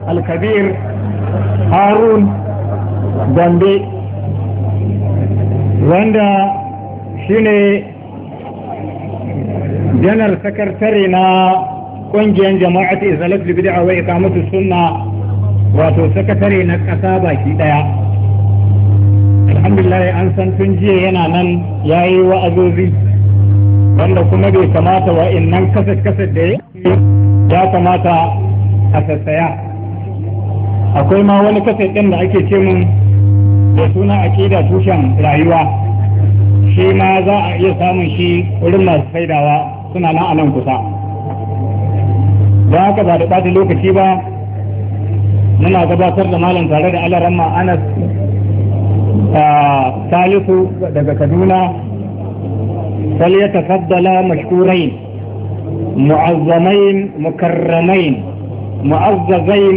alkabir harun gombe wanda shine janar sakatare na kungiyar jama'at izalat libida wa ikamatu sunna wato sakatare na ƙasa baki ɗaya alhamdulillah an san tun jiya yana nan ya yi wa'azozi wanda kuma bai kamata wa'in nan kasar kasar da ya kamata a sassaya akwai ma wani kasar ɗin da ake ce mun da suna a ƙida tushen rayuwa shi ma za a iya samun shi wurin masu saidawa suna nan a kusa ba haka ba da ɓata lokaci ba muna gabatar da malam tare da alaramma anas salisu daga kaduna tafaddala mashkurai معظمين مكرمين معززين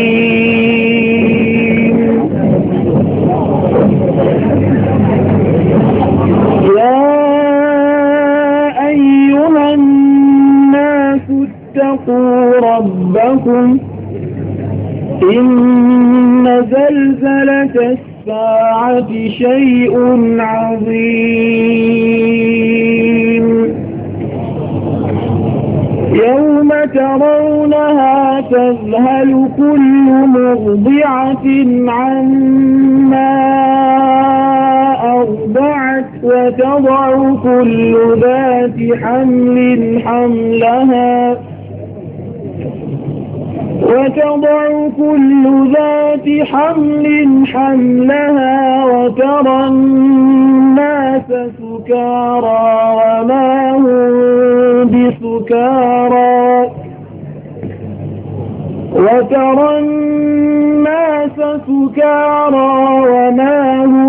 ربكم إن زلزلة الساعة شيء عظيم يوم ترونها تذهل كل مرضعة عما أرضعت وتضع كل ذات حمل حملها وتضع كل ذات حمل حملها وترى الناس سكارى وما هم بسكارى وترى الناس سكارى وما هم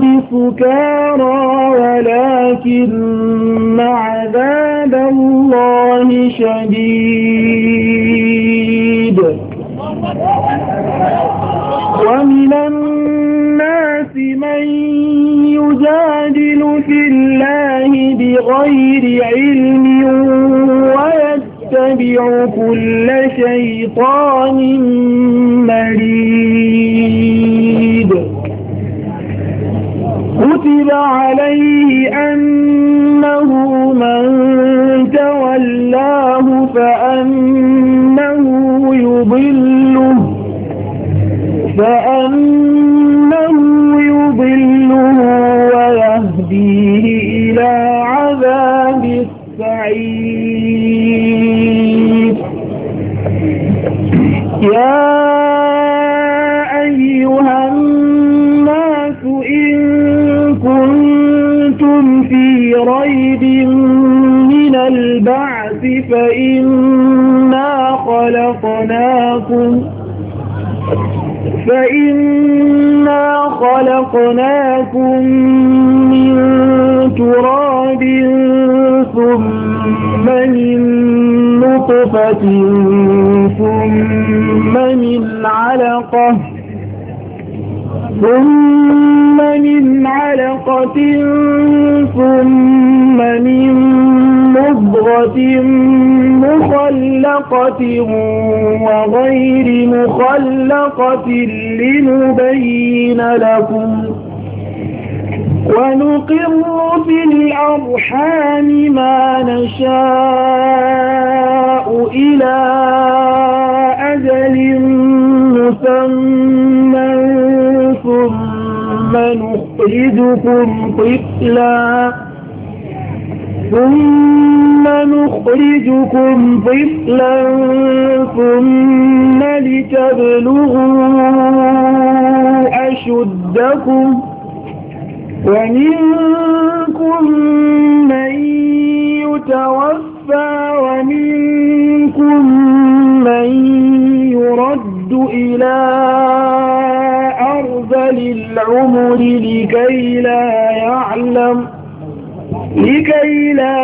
بسكارى ولكن عذاب الله الله شديد ومن الناس من يجادل في الله بغير علم ويتبع كل شيطان مريد كتب عليه كأنه يضله ويهديه إلى عذاب السعير يا أيها الناس إن كنتم في ريب من البعث فإنا خلقناكم فإنا خلقناكم من تراب ثم من نطفة ثم من علقة ثم من علقة ثم من مخلقة وغير مخلقة لنبين لكم ونقر في الأرحام ما نشاء إلى أجل مسمى ثم نخرجكم طفلا ثم ثم نخرجكم طفلا ثم لتبلغوا أشدكم ومنكم من يتوفى ومنكم من يرد إلى أرذل العمر لكي لا يعلم لكي لا